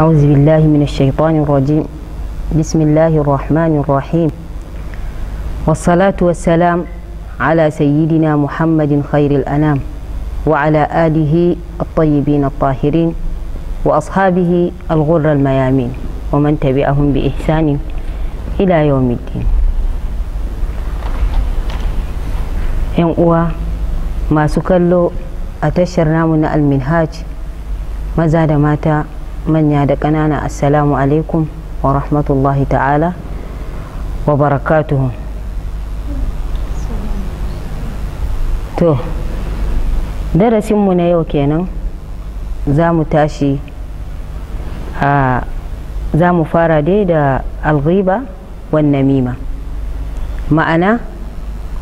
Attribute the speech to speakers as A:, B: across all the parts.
A: أعوذ بالله من الشيطان الرجيم بسم الله الرحمن الرحيم والصلاة والسلام على سيدنا محمد خير الأنام وعلى آله الطيبين الطاهرين وأصحابه الغر الميامين ومن تبعهم بإحسان إلى يوم الدين إن uwa ما سكلو أتشرنا من المنهاج ما زاد ماتا manya da ƙanana assalamu alaikum wa rahmatullahi ta'ala wa barakatuhu to darasinmu na yau kenan za mu tashi a za mu fara dai da alghiba wa namima ma'ana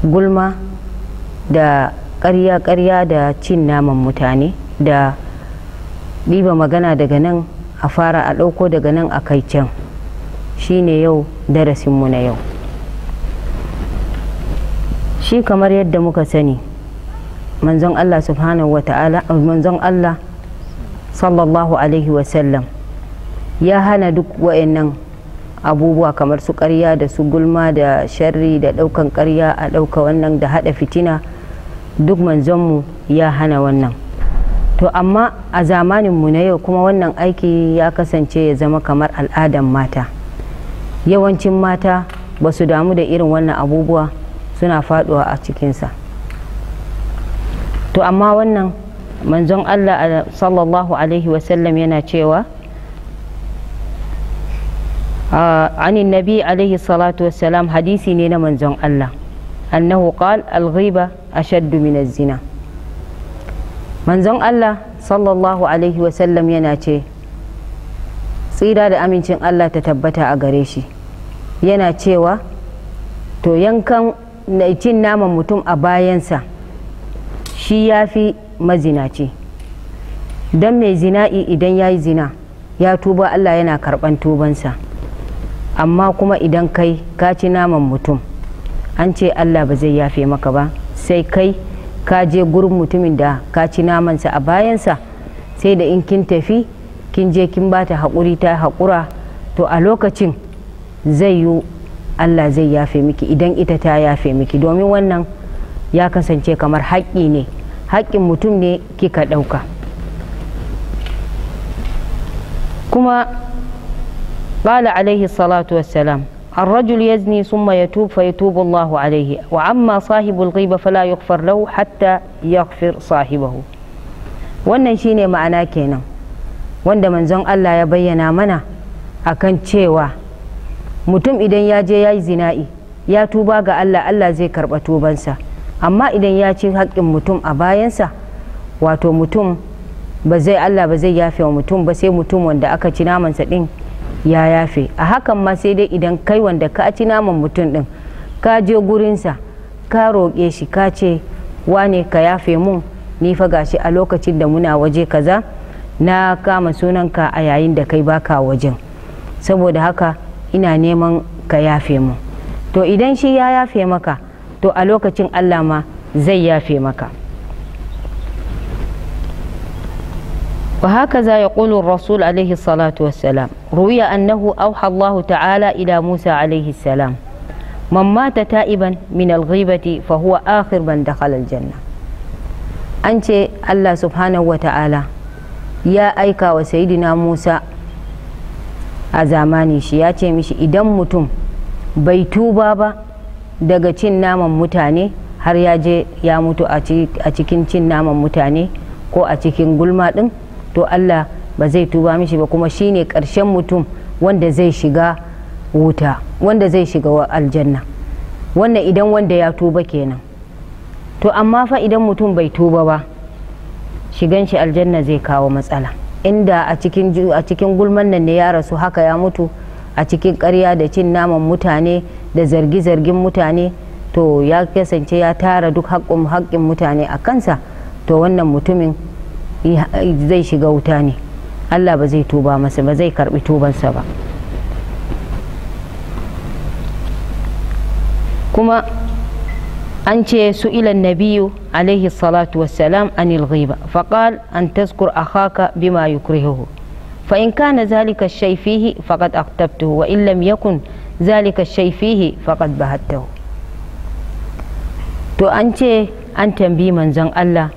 A: gulma da ƙarya-ƙarya da cin naman mutane da ɗiba magana daga nan a fara a ɗauko daga nan a kai can shi ne yau darasinmu na yau shi kamar yadda muka sani manzon Allah subhanahu wa ta'ala manzon Allah sallallahu alaihi wasallam ya hana duk wa'annan abubuwa kamar su karya da su gulma da sharri da ɗaukan karya a ɗauka wannan da haɗa fitina duk manzonmu ya hana wannan to amma a zamaninmu na yau kuma wannan aiki ya kasance ya zama kamar al'adan mata yawancin mata ba su damu da irin wannan abubuwa suna faduwa a cikinsa to amma wannan manzon allah sallallahu alaihi wasallam yana cewa عن النبي عليه الصلاة والسلام حديثي نينا منزون الله أنه قال الغيبة أشد من الزنا manzon Allah sallallahu alaihi wasallam yana ce tsira da amincin Allah ta tabbata a gare shi yana cewa to yankan cin naman mutum a bayansa shi ya fi mazinaci don mai zina'i idan ya yi zina ya tuba Allah yana karban tubansa amma kuma idan kai ka ci naman mutum an ce Allah ba zai yafe maka ba sai kai ka je gurin mutumin da ka ci namansa a bayansa sai da in kin tafi kin je kin ba ta haƙuri ta haƙura to a lokacin zai yi allah zai yafe miki idan ita ta yafe miki domin wannan ya kasance kamar haƙƙi ne haƙƙin mutum ne kika ɗauka kuma ƙala alaihi salatu wassalam الرجل يزني ثم يتوب فيتوب الله عليه وعما صاحب الغيبة فلا يغفر له حتى يغفر صاحبه wannan shine ma'ana kenan wanda manzon Allah ya bayyana mana akan cewa mutum idan ya je ya yi zina'i ya tuba ga Allah Allah zai karɓa tubansa amma idan ya ci haƙƙin mutum a bayansa wato mutum ba zai Allah ba zai yafe wa mutum ba sai mutum wanda aka ci namansa ɗin ya yafe a hakan ma sai dai idan kai wanda ka ci naman mutum din ka je gurinsa ka roƙe shi ka ce wane ka yafe mun ni fa gashi a lokacin da muna waje kaza na kama sunanka a yayin da kai baka wajen saboda haka ina neman ka yafe mu to idan shi ya yafe maka to a lokacin allah ma zai yafe maka وهكذا يقول الرسول عليه الصلاة والسلام روي أنه أوحى الله تعالى إلى موسى عليه السلام من مات تائبا من الغيبة فهو آخر من دخل الجنة أنت الله سبحانه وتعالى يا أيكا وسيدنا موسى أزاماني شياتي مش إدم متم بيتو بابا daga cin naman mutane har ya je ya mutu a cikin cin naman mutane ko a cikin gulma ɗin to Allah ba zai tuba mishi ba kuma shine ƙarshen mutum wanda zai shiga wuta wanda zai shiga aljanna wannan idan wanda ya tuba kenan to amma fa idan mutum bai tuba ba shigan shi aljanna zai kawo matsala inda a cikin a cikin gulman nan ne ya rasu haka ya mutu a cikin ƙarya da cin naman mutane da zargi-zargin mutane to ya kasance ya tara duk haƙƙin mutane a kansa to wannan mutumin zai shiga wuta ne allah ba zai tuba masa ba zai karbi tubansa ba kuma an ce su ilan nabiyu alaihi salatu wassalam anil ghiba faqal an tazkur akhaka bima yukrihuhu fa in kana zalika shay fihi faqad aqtabtuhu wa in lam yakun zalika shay fihi faqad bahattahu to an ce an tambi manzon Allah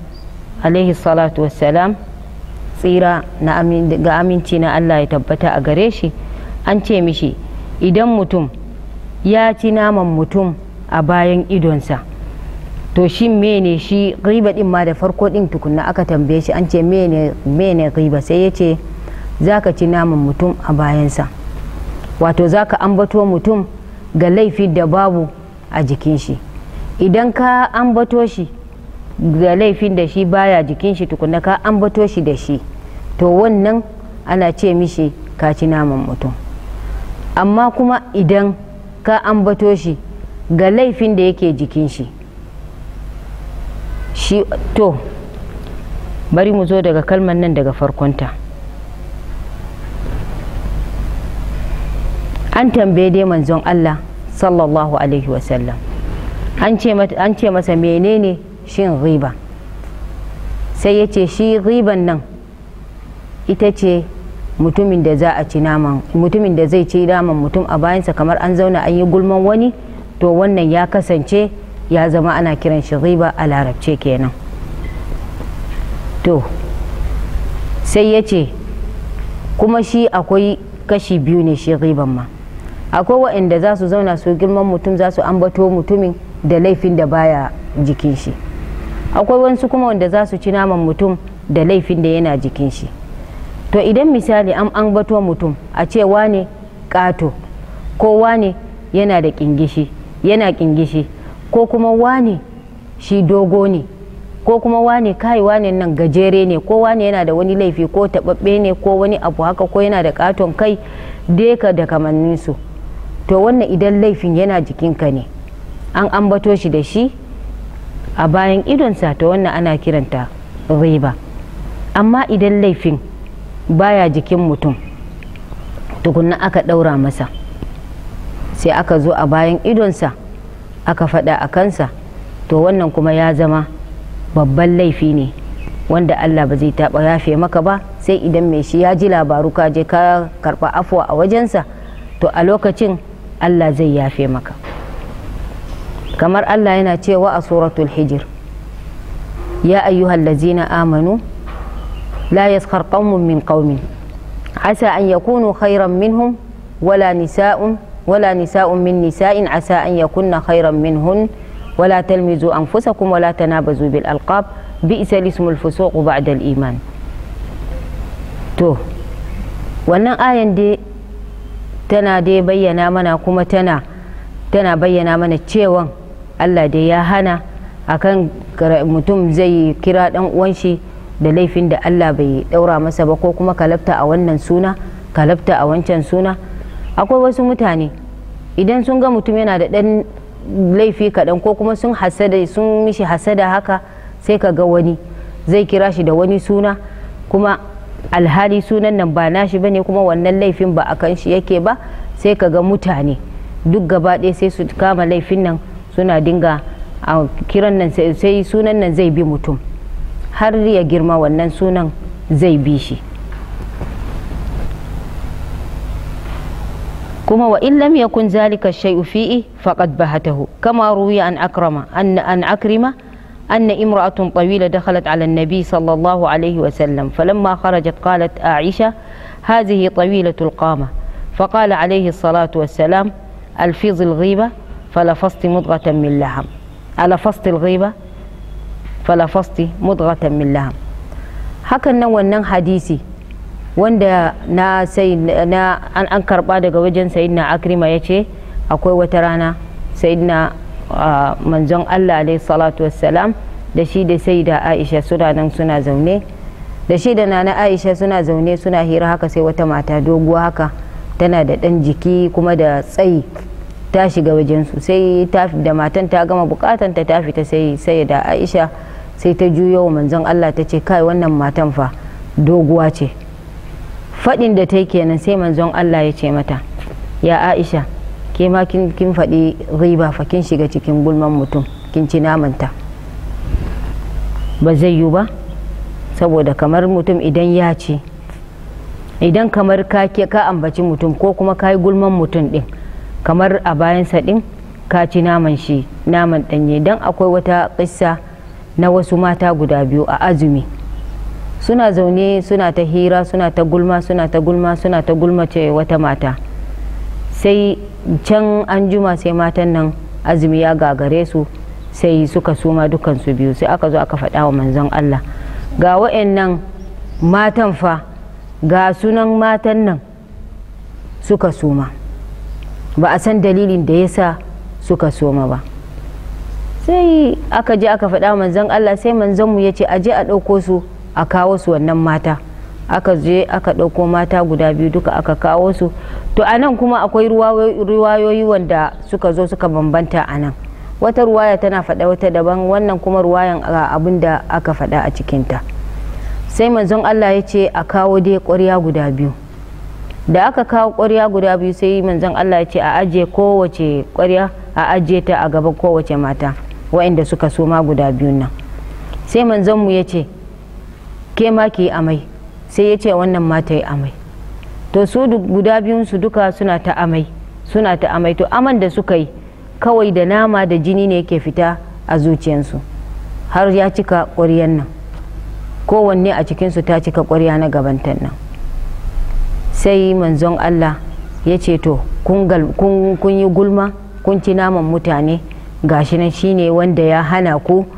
A: alaihi salatu wassalam tsira ga aminci na Allah ya tabbata a gare shi an ce mishi idan mutum ya ci naman mutum a bayan idonsa to shi mene shi riba din ma da farko din tukunna aka tambaye shi an ce mene riba sai ya ce za ka ci naman mutum a bayansa wato za ka ambato mutum ga laifi da babu a jikin shi idan ka ambato shi ga laifin da shi baya jikin shi tukuna ka ambato shi da shi to wannan ana ce mishi ka naman mutum amma kuma idan ka ambato shi ga laifin da yake jikin shi shi to bari mu zo daga kalmar nan daga farkonta an tambaye dai manzon Allah sallallahu alaihi wasallam an ce masa menene shin riba sai ya ce shi riban nan ita ce mutumin da za a ci naman mutumin da zai ci naman mutum a bayansa kamar an zauna an yi gulman wani to wannan ya kasance ya zama ana kiran shi riba a larabce kenan to sai ya ce kuma shi akwai kashi biyu ne shi riban ma akwai waɗanda za su zauna su girman mutum za su ambato mutumin da laifin da baya jikin shi akwai wasu kuma wanda za su ci naman mutum da laifin da yana jikin shi to idan misali an ambato mutum a ce wane kato ko wane yana da kingishi yana kingishi ko kuma wane shi dogo ne ko kuma wane kai wane nan gajere ne ko wane yana da wani laifi ko taɓaɓɓe ne ko wani abu haka ko yana da katon kai deka da kamanninsu to wannan idan laifin yana jikinka ne an ambato shi da shi a bayan idonsa ta wannan ana kiranta riba amma idan laifin baya jikin mutum tukunna aka ɗaura masa sai aka zo a bayan idonsa aka faɗa a kansa to wannan kuma ya zama babban laifi ne wanda Allah ba zai taɓa yafe maka ba sai idan mai shi ya ji labaru ka je ka karɓa afuwa a wajensa to a lokacin Allah zai yafe maka. كمر الله هنا تيوا سورة الحجر يا أيها الذين آمنوا لا يسخر قوم من قوم عسى أن يكونوا خيرا منهم ولا نساء ولا نساء من نساء عسى أن يكن خيرا منهن ولا تلمزوا أنفسكم ولا تنابزوا بالألقاب بئس الاسم الفسوق بعد الإيمان تو وانا آية دي تنا دي bayyana mana kuma تنا tana bayyana mana cewan allah da ya hana akan mutum zai kira ɗan uwan shi da laifin da allah bai ɗaura masa ba ko kuma kalabta a wannan suna kalabta a wancan suna akwai wasu mutane idan sun ga mutum yana da ɗan laifi kaɗan ko kuma sun hasada sun mishi hasada haka sai ka ga wani zai kira shi da wani suna kuma alhali sunan nan ba nashi ba ne kuma wannan laifin ba a kan shi yake ba sai ka ga mutane duk gaba ɗaya sai su kama laifin nan suna dinga a kiran nan sai sunan nan zai bi mutum har ya girma wannan sunan zai bi shi kuma wa in lam yakun zalika shay'u fi'i faqad bahatahu kama ruwiya an akrama an an akrima أن امرأة طويلة دخلت على النبي صلى الله عليه وسلم فلما خرجت قالت عائشة هذه طويلة القامة فقال عليه الصلاة والسلام الفيض الغيبة فلفظت مضغة من لحم ألفظت الغيبة فلفظت مضغة من لحم hakan nan wannan hadisi wanda na sai na an, an karba daga wajen sayidina akrima ya ce akwai wata rana sayidina uh, manzon allah alaihi salatu wassalam da shi da sai da aisha suna nan suna zaune da shi da nana aisha suna zaune suna hira haka sai wata mata doguwa haka tana da ɗan jiki kuma da tsayi ta shiga wajen su sai da matan ta gama bukatan ta ta fita sai sai da aisha sai ta juyo wa manzon allah ta ce kai wannan matan fa doguwa ce faɗin da ta yi kenan sai manzon allah ya ce mata ya aisha ke ma kin faɗi riba fa kin shiga cikin gulman mutum kin ci namanta ba zai yiwu ba saboda kamar mutum idan ya ci idan kamar ka ambaci mutum ko kuma ka yi gulman mutum ɗin kamar a bayan ɗin ka ci naman shi naman ɗanye don akwai wata ƙissa na wasu mata guda biyu a azumi suna zaune suna ta hira suna ta gulma suna ta gulma suna ta gulma ce wata mata sai can an juma sai matan nan azumi ya gagare su sai suka suma su biyu sai aka zo aka faɗa wa manzon Allah ga wa'annan matan fa ga sunan matan nan suka suma ba a san dalilin da yasa suka soma ba sai aka je aka faɗa manzon Allah sai manzon mu ya ce a je a ɗauko su a kawo su wannan mata aka je aka ɗauko mata guda biyu duka aka kawo su to a nan kuma akwai ruwayoyi wanda suka zo suka bambanta a nan wata ruwaya tana faɗa wata daban wannan kuma ruwayan abin da aka faɗa a cikin ta sai manzon allah ya ce a kawo dai ƙwarya guda biyu da aka kawo ƙwarya guda biyu sai manzon Allah ya ce a aje kowace ƙwarya a ajiyeta ta a gaban kowace mata waɗanda suka so ma guda biyun nan sai manzon mu ya ce ke ma ki amai sai ya ce wannan mata yi amai to su guda biyun su duka suna ta amai suna ta amai to aman da suka yi kawai da nama da jini ne ke fita a zuciyansu har ya cika ƙwaryan nan kowanne a cikinsu ta cika ƙwarya na gabantan nan sai manzon allah ya ce to kun yi gulma kun ci naman mutane gashi nan shine wanda ya hana ku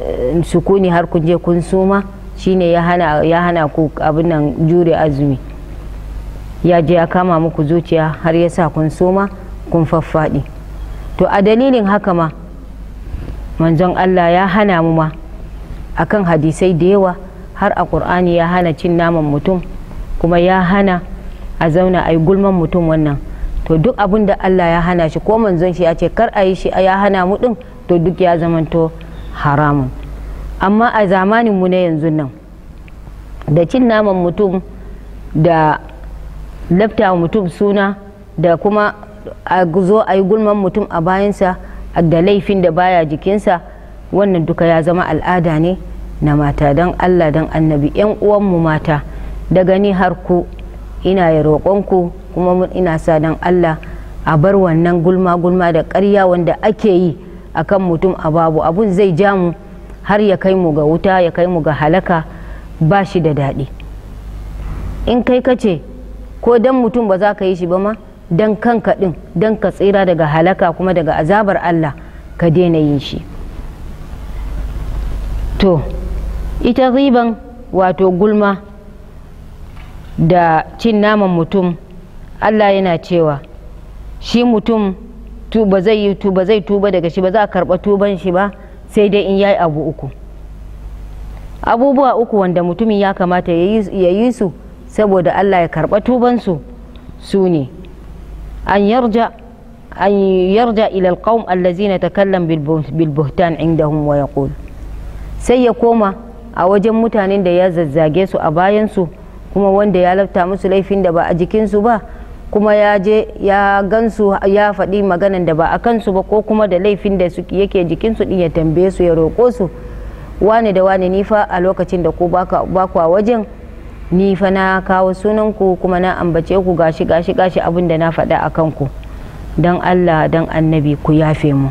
A: eh, sukuni har kun je kun suma shine ya hana ya hana ku abin nan jure azumi ya je ya kama muku zuciya har ya sa kun soma kun faffaɗi to a dalilin haka ma manzon Allah ya hana mu ma akan hadisai da yawa har a ƙur'ani ya hana cin naman mutum kuma ya hana a zauna a yi gulman mutum wannan to duk abin da Allah ya hana shi ko manzon shi ya ce kar a yi shi ya hana mu din to duk ya zamanto haramun amma a zamanin mu na yanzu nan da cin naman mutum da lafta mutum suna da kuma a zo a yi gulman mutum a bayansa da laifin da baya jikinsa wannan duka ya zama al'ada ne na mata don allah don annabi 'yan uwanmu mata daga ni har ku ina ya roƙonku kuma ina sa dan Allah a bar wannan gulma-gulma da ƙarya wanda ake yi a kan mutum a babu abun zai ja mu har ya kai mu ga wuta ya kai mu ga halaka ba shi da daɗi in kai ka ce ko dan mutum ba za ka yi shi ba ma dan kanka ɗin dan ka tsira daga halaka kuma daga azabar Allah ka daina yin shi to ita riban wato gulma da cin naman mutum allah yana cewa shi mutum ba zai yi tuba zai tuba daga shi ba za a karba tuban shi ba sai dai in yayi abu uku abubuwa uku wanda mutumin ya kamata ya yi su saboda allah ya karba tubansu su ne an yarja an yarja ila alqawm allazina takallam bil buhtan indahum wa yaqul sai ya koma a wajen mutanen da ya zazzage su a bayan su kuma wanda ya lafta musu laifin da ba a jikinsu ba kuma ya je ya gansu ya faɗi maganan da ba a kansu ba ko kuma da laifin da yake jikinsu ɗin ya tambaye su ya roƙo su wane da wane nifa a lokacin da ku ba a wajen ni fa na kawo sunanku kuma na ambace ku gashi gashi gashi abin da na faɗa a kanku don allah don annabi ku yafe mu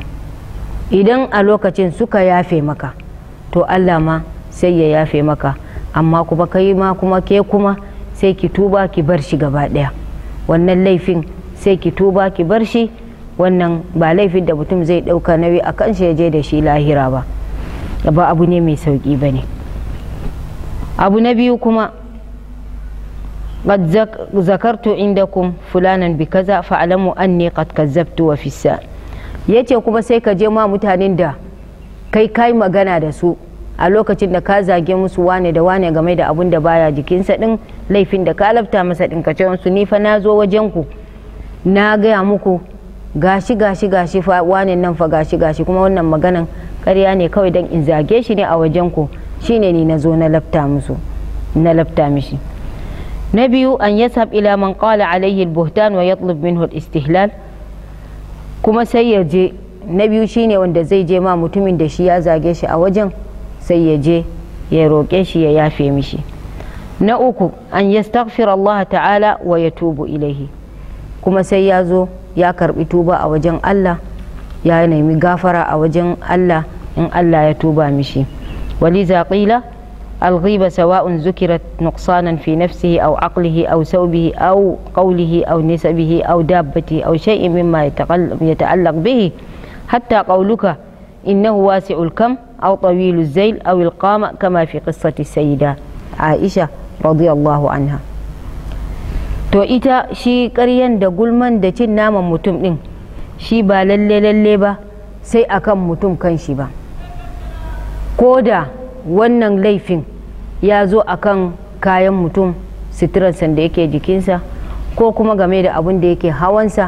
A: idan a lokacin suka yafe maka to allah ma sai ya yafe maka amma kuma kai ma kuma ke kuma sai ki tuba ki bar shi gaba ɗaya wannan laifin sai ki tuba ki bar shi wannan ba laifin da mutum zai ɗauka nauyi a kan shi ya je da shi lahira ba ba abu ne mai sauki ba ne abu na biyu kuma قد fulanan bi kaza بكذا an ne قد كذبت وفي ya yace kuma sai ka je ma mutanen da kai kai magana da su a lokacin da ka zage musu wane da wane game da abun da baya jikinsa din laifin da ka lafta masa din ka ce ni fa na zo wajen ku na gaya muku gashi gashi gashi fa wane nan fa gashi gashi kuma wannan maganan karya ne kawai dan in zage shi ne a wajen ku shine ni na zo na lafta musu na lafta mishi na biyu an yasab ila man qala alaihi al-buhtan wa yatlub minhu al-istihlal kuma sai ya je na biyu shine wanda zai je ma mutumin da shi ya zage shi a wajen sai ya je ya roke shi ya yafe mishi na uku an yastaghfir Allah ta'ala wa yatubu tubu ilaihi kuma sai ya zo ya karbi tuba a wajen Allah ya nemi gafara a wajen Allah in Allah ya tuba mishi waliza qila الغيبة سواء ذكرت نقصانا في نفسه أو عقله أو ثوبه أو قوله أو نسبه أو دابته أو شيء مما يتعلق به حتى قولك إنه واسع الكم أو طويل الزيل أو القامة كما في قصة السيدة عائشة رضي الله عنها to ita shi karyan da gulman da cin naman mutum ɗin shi ba lalle lalle ba sai akan mutum kan shi ba ko da wannan laifin ya zo akan kayan mutum suturarsa da yake jikinsa ko kuma game da abin da yake hawansa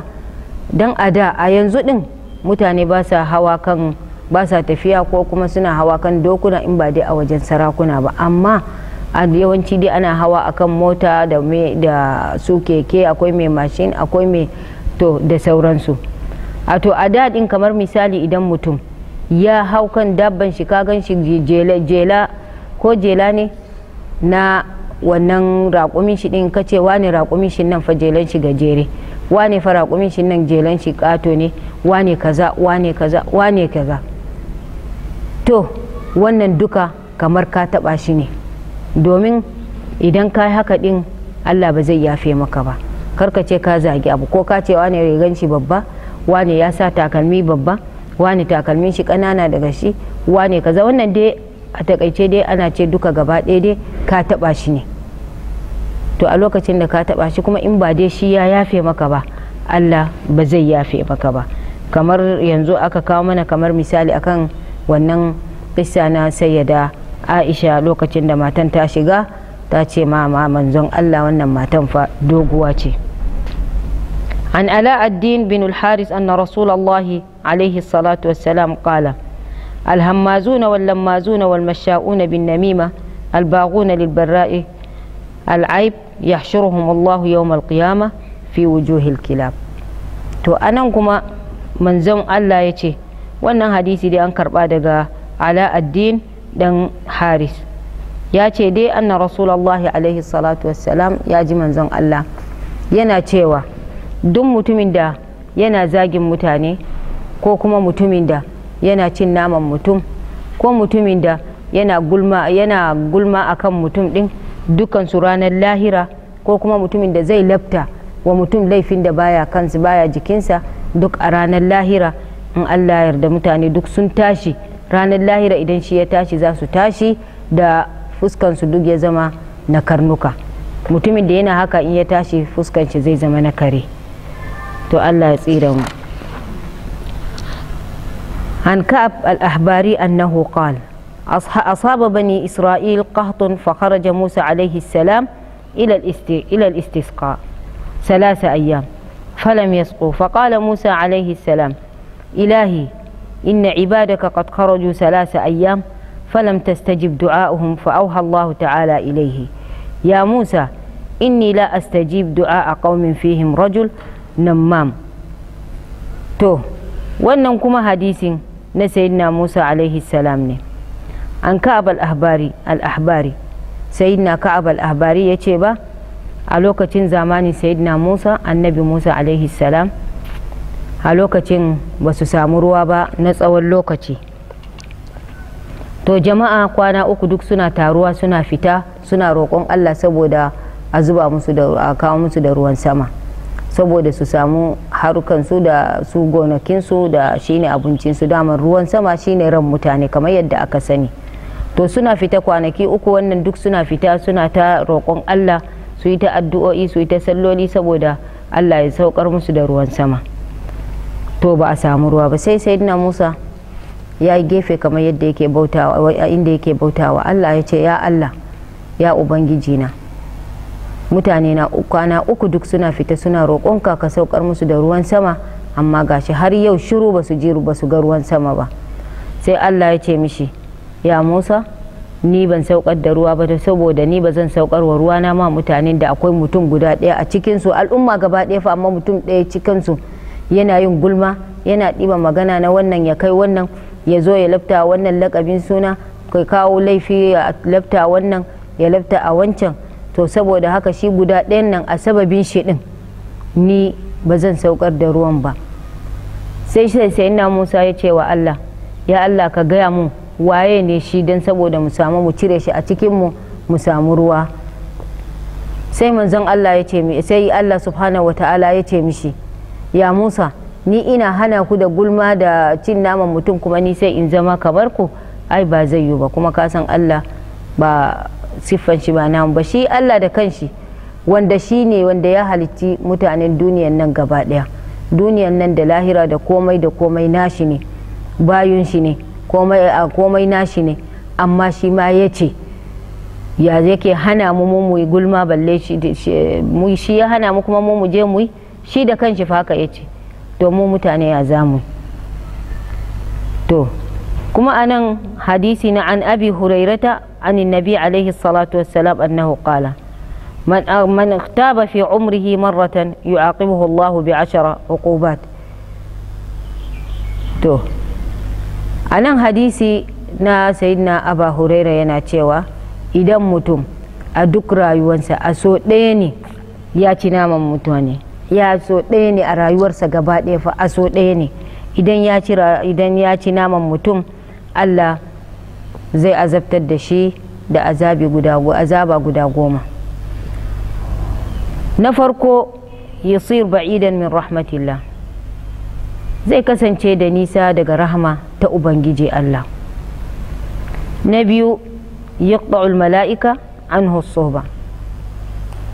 A: don a da a yanzu ɗin mutane ba sa hawa kan ba sa tafiya ko kuma suna hawa kan dokuna in ba dai a wajen sarakuna ba amma a yawanci dai ana hawa akan mota da da su keke akwai mai mashin akwai mai to da sauransu a to a daɗin kamar misali idan mutum ya hau kan dabban shi kagan shi jela ko jela ne na wannan raƙumin shi ɗin kace wane raƙumin shi nan fa jelan shi gajere wane fa raƙumin shi nan jelan shi ƙato ne wane kaza wane kaza wane kaza to wannan duka kamar ka taɓa shi ne domin idan ka haka din allah ba zai yafe maka ba karka ce ka zagi abu ko ka ce wane rigan shi babba wane ya sa takalmi babba wane takalmin shi kanana daga shi wane kaza wannan dai a takaice dai ana ce duka gaba ɗaya dai ka taɓa shi ne to a lokacin da ka taɓa shi kuma in ba dai shi ya yafe maka ba allah ba zai yafe maka ba kamar yanzu aka kawo mana kamar misali akan wannan kisa na sayyada aisha lokacin da matan ta shiga ta ce ma manzon allah wannan matan fa doguwa ce عن ألاء الدين بن الحارث أن رسول الله عليه الصلاة والسلام قال الهمازون واللمازون والمشاؤون بالنميمة الباغون للبراء العيب يحشرهم الله يوم القيامة في وجوه الكلاب تو أنا كما منزون الله يتي wannan hadisi dai an karba daga ala addin dan haris ya ce dai anna rasulallahi alaihi salatu wassalam ya ji manzon allah yana cewa duk mutumin da yana zagin mutane ko kuma mutumin da yana cin naman mutum ko mutumin da yana gulma yana gulma akan mutum din dukkan su ranar lahira ko kuma mutumin da zai lafta wa mutum laifin da baya kansu baya jikinsa duk a ranar lahira in allah ya yarda mutane duk sun tashi ranar lahira idan shi ya tashi za su tashi da fuskan su duk ya zama na karnuka mutumin da yana haka in ya tashi fuskan shi zai zama na kare to allah ya tsira mu an عن al-ahbari annahu qal أصاب بني إسرائيل قهط فخرج موسى عليه السلام إلى, إلى الاستسقاء ثلاث أيام فلم يسقوا فقال موسى عليه السلام إلهي إن عبادك قد خرجوا ثلاثة أيام فلم تستجب دعاؤهم فأوهى الله تعالى إليه يا موسى إني لا أستجيب دعاء قوم فيهم رجل نمام تو وننكم حديث سيدنا موسى عليه السلام ني. عن كعب الأحباري الأحباري سيدنا كعب الأحباري يتبا ألوك تنزاماني سيدنا موسى النبي موسى عليه السلام a lokacin ba su samu ruwa ba na tsawon lokaci to jama'a kwana uku duk suna taruwa suna fita suna roƙon allah saboda a zuba musu da a kawo musu da ruwan sama saboda su samu harukansu da su gonakinsu da shine abincinsu damar ruwan sama shine ran mutane kamar yadda aka sani to suna fita kwanaki uku wannan duk suna fita suna ta roƙon allah su yi ta addu'o'i su yi ta salloli saboda allah ya saukar musu da ruwan sama to ba a samu ruwa ba sai sayyidina Musa ya yi gefe kamar yadda yake bautawa inda yake bautawa Allah ya ce ya Allah ya ubangiji na mutane na kwana uku duk suna fita suna roƙonka ka saukar musu da ruwan sama amma gashi har yau shiru ba su jiru ba su ga ruwan sama ba sai Allah ya ce mishi ya Musa ni ban saukar da ruwa ba saboda ni ba zan saukar wa ruwana ma mutanen da akwai mutum guda ɗaya a cikinsu al'umma gaba ɗaya fa amma mutum ɗaya cikinsu yana yin gulma yana ɗiba magana na wannan ya kai wannan ya zo ya lafta wannan lakabin suna kai kawo laifi ya lafta wannan ya lafta a wancan to saboda haka shi guda ɗayan nan a sababin shi ɗin ni ba zan saukar da ruwan ba sai shi sai na musa ya ce wa allah ya allah ka gaya mu waye ne shi don saboda mu samu mu cire shi a cikin mu mu samu ruwa sai manzon allah ya ce sai allah subhanahu wataala ya ce mishi ya musa ni ina hana ku da gulma da cin naman mutum kuma ni sai in zama kamar ku ai ba zai yiwu ba kuma ka san allah ba siffan shi ba namu ba shi allah da kanshi wanda shi ne wanda ya halitti mutanen duniyan nan gaba daya duniyan nan da lahira da komai da komai nashi ne bayun shi ne komai a komai nashi ne amma shi ma ya ce ya yake hana mu mu yi gulma balle shi ya hana mu kuma mu je mu yi shi da kanshi ya ce yace domin mutane ya zamu to kuma anan hadisi na an abi hurairata an nabi alaihi salatu wassalam annahu qala من من اغتاب في عمره مرة يعاقبه الله بعشر anan hadisi na sayidina aba huraira yana cewa idan mutum a duk rayuwansa a so ɗaya ne ya ci naman mutane ya so ɗaya ne a rayuwarsa gaba ɗaya fa a so ɗaya ne idan ya ci naman mutum allah zai azabtar da shi da azabi guda azaba guda goma na farko yasir ba'idan min rahmatillah zai kasance da nisa daga rahma ta ubangiji allah na biyu yaqta'ul mala'ika anhu soba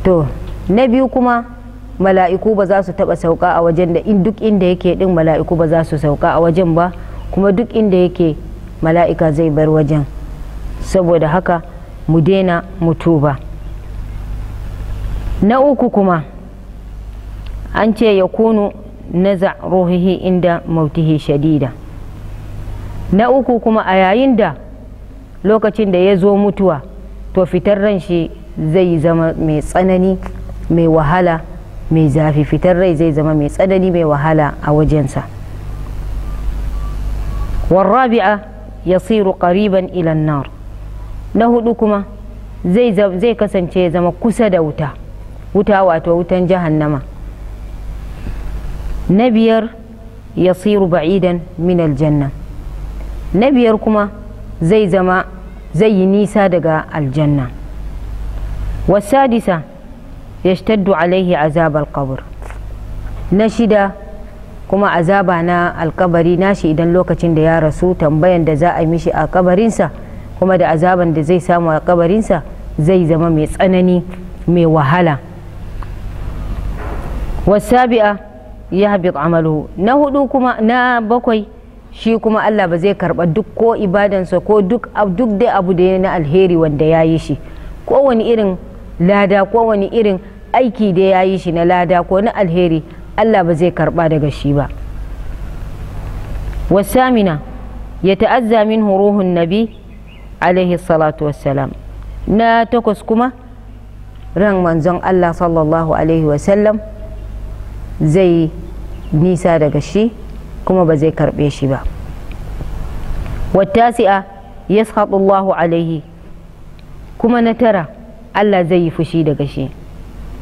A: to na biyu kuma mala'iku ba za su taba sauka a wajen da duk inda yake din mala'iku ba za su sauka a wajen ba kuma duk inda yake mala'ika zai bar wajen saboda haka mu daina ba na uku kuma an ce ya kunu naza ruhihi inda mautihi shadida na uku kuma a yayin da lokacin da ya zo mutuwa to fitar ran shi zai zama mai tsanani mai wahala mai zafi fitar rai zai zama mai tsanani mai wahala a wajensa warrabi'a ya siru ƙariban ilan nar na hudu kuma zai kasance ya zama kusa da wuta wuta wato wutan jahannama na biyar ya siru ba'idan min aljanna na biyar kuma zai zama zai yi nisa daga aljanna wasadisa yashtaddu alaihi azabal qabr na shida kuma azaba na alkabari nashi idan lokacin da ya rasu tambayan da za a yi mishi a kabarinsa kuma da azaban da zai samu a kabarinsa zai zama mai tsanani mai wahala wasabi'a ya habi amalu na hudu kuma na bakwai shi kuma allah ba zai karba duk ko ibadansa ko duk dai abu da ya na alheri wanda ya yi shi kowane irin lada ko wani irin aiki da ya yi shi na lada ko na alheri Allah ba zai karba daga shi ba wasamina ya ta'azza min ruhun nabi alaihi salatu wassalam na takwas kuma ran manzon Allah sallallahu alaihi wasallam zai nisa daga shi kuma ba zai karbe shi ba wattasi'a yaskhatu Allahu alaihi kuma na tara Allah zai yi fushi daga shi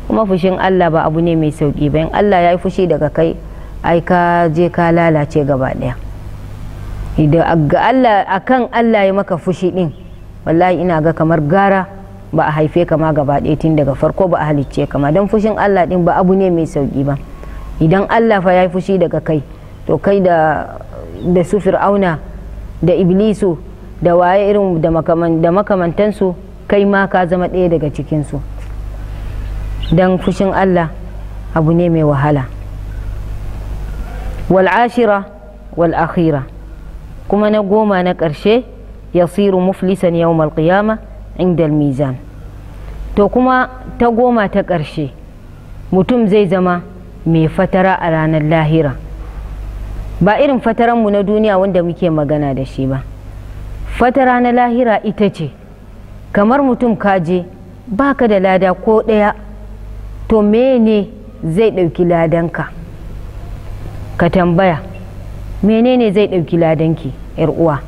A: kuma fushin Allah ba abu ne mai sauki ba in Allah ya yi fushi daga kai ai ka je ka lalace gaba daya idan ga Allah akan Allah ya maka fushi din wallahi ina ga kamar gara ba a haife ka ma gaba ɗaya tun daga farko ba a halicce ka ma dan fushin Allah din ba abu ne mai sauki ba idan Allah fa ya yi fushi daga kai to kai da da su fir'auna da iblisu da waye irin da makamantansu kai ma ka zama ɗaya daga cikinsu don fushin Allah abu ne mai wahala wal'ashira wal'akhira kuma na goma na ƙarshe yasiru muflisan yawmal qiyama inda mizan to kuma ta goma ta ƙarshe mutum zai zama mai fatara a ranar lahira ba irin fataranmu na duniya wanda muke magana da shi ba fatara na lahira ita ce kamar mutum kaje baka da lada ko ɗaya to mene zai ɗauki ladanka ka tambaya menene zai ɗauki ladanki uwa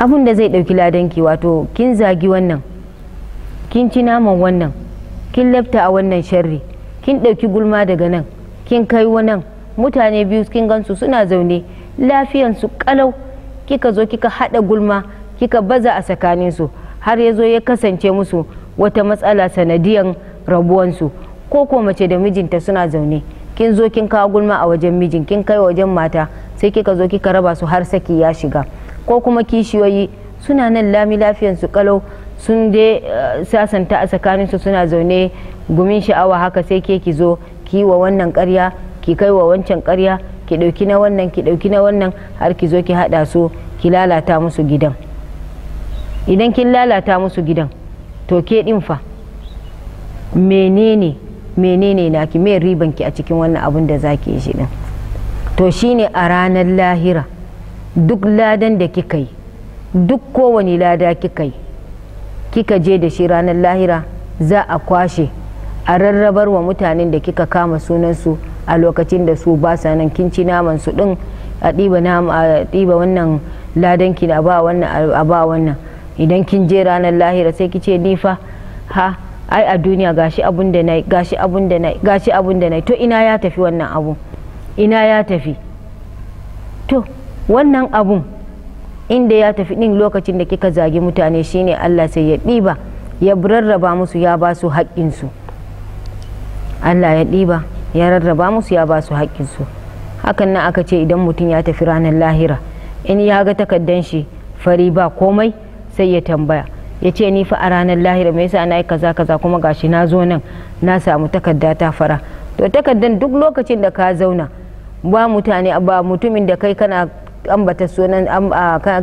A: abin da zai ɗauki ladanki wato kin zagi wannan kin ci naman wannan kin lafta a wannan sharri kin ɗauki gulma daga nan kin kai wannan mutane biyu kin gansu suna zaune lafiyansu kalau kika zo kika haɗa gulma kika baza a tsakaninsu har ya zo ya kasance musu wata matsala sanadiyan rabuwansu ko ko mace da mijinta suna zaune kin zo kin kawo gulma a wajen mijin kin kai wajen mata sai kika zo kika raba su har saki ya shiga ko kuma kishiyoyi suna nan lami lafiyan su kalau sun dai eh, sasanta a tsakaninsu suna zaune gumin sha'awa haka sai ke ki zo ki wa wannan karya ki kai wa wancan karya ki ɗauki na wannan ki ɗauki na wannan har ki zo ki haɗa su ki lalata musu gidan idan kin lalata musu gidan to ke din fa menene menene naki me ribanki a cikin wannan abun da zaki yi shi din to shine a ranar lahira duk ladan da kika yi duk kowane lada kika yi kika je da shi ranar lahira za a kwashe a rarrabar wa mutanen da kika kama sunansu a lokacin da su ba sa nan kin ci naman su din a ɗiba wannan ladanki da ba wannan a ba wannan idan kin je ranar lahira sai ki ce ni fa ha ai a duniya gashi abun da nayi gashi abun da nayi gashi abun da nayi to ina ya tafi wannan abun ina ya tafi to wannan abun inda ya tafi din lokacin da kika zagi mutane shine Allah sai ya ɗiba ya rarraba musu ya ba su haƙƙinsu Allah ya ɗiba ya rarraba musu ya ba su haƙƙinsu hakan nan aka ce idan mutum ya tafi ranar lahira in ya ga takaddan shi fari ba komai sai ya tambaya ya ce ni fa a ranar lahira mai yasa na yi kaza kaza kuma gashi na zo nan na samu takarda ta fara to takardan duk lokacin da ka zauna ba mutane ba mutumin da kai kana ambata sunan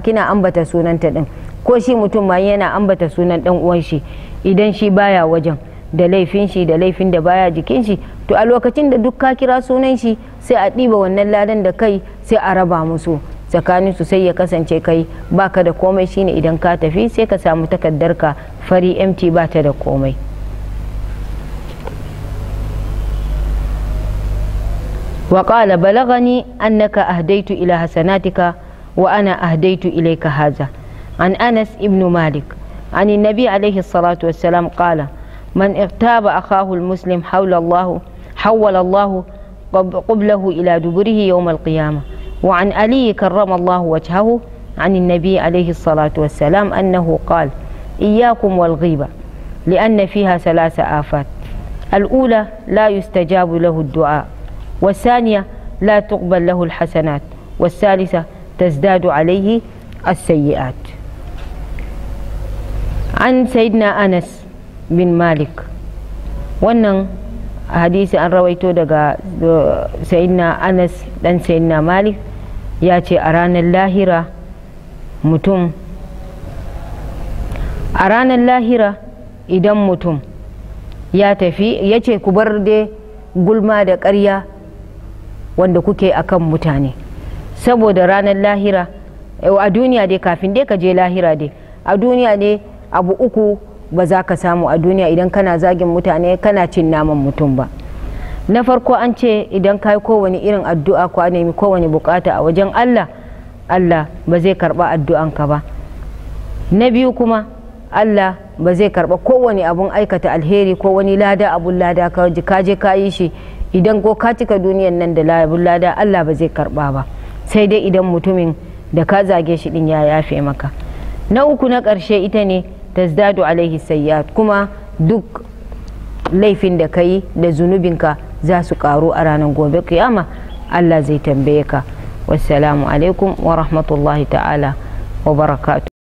A: kina ambata sunanta din ko shi mutum ma yana ambata sunan dan uwan shi idan shi baya wajen da laifin shi da laifin da baya jikin shi to a lokacin da duk ka kira sunan shi sai a ɗiba wannan ladan da kai sai a raba musu tsakanin su sai ya kasance kai baka da komai shine idan ka tafi sai ka samu takardarka fari mt ba ta da komai وقال بلغني أنك أهديت إلى حسناتك وأنا أهديت إليك هذا عن أنس ابن مالك عن النبي عليه الصلاة والسلام قال من اغتاب أخاه المسلم حول الله حول الله قبله إلى دبره يوم القيامة وعن علي كرم الله وجهه عن النبي عليه الصلاة والسلام أنه قال إياكم والغيبة لأن فيها ثلاث آفات الأولى لا يستجاب له الدعاء والثانية لا تقبل له الحسنات والثالثة تزداد عليه السيئات عن سيدنا أنس بن مالك ونن حديث أن رويته daga سيدنا أنس dan مالك ya ce a ranar lahira mutum a ranar lahira idan mutum ya tafi ya ce ku bar da gulma da karya wanda kuke akan mutane saboda ranar lahira eh, a duniya dai kafin dai ka je lahira dai a duniya ne abu uku ba za ka samu a duniya idan kana zagin mutane kana cin naman mutum ba na farko an ce idan ka yi kowane irin addu'a ko a nemi kowane bukata a wajen allah allah ba zai karba addu'anka ba na biyu kuma allah ba zai karba kowane abun aikata alheri ko wani lada abun lada ka je ka yi shi idan ko ka cika duniyan nan da labun lada allah ba zai karba ba sai dai idan mutumin da ka zage shi din ya yafe maka na uku na karshe ita ne tazdadu alaihi sayyat kuma duk laifin da ka yi da zunubinka za su karu a ranar gobe kiyama Allah zai tambaye ka wassalamu alaikum wa rahmatullahi ta'ala wa barakatu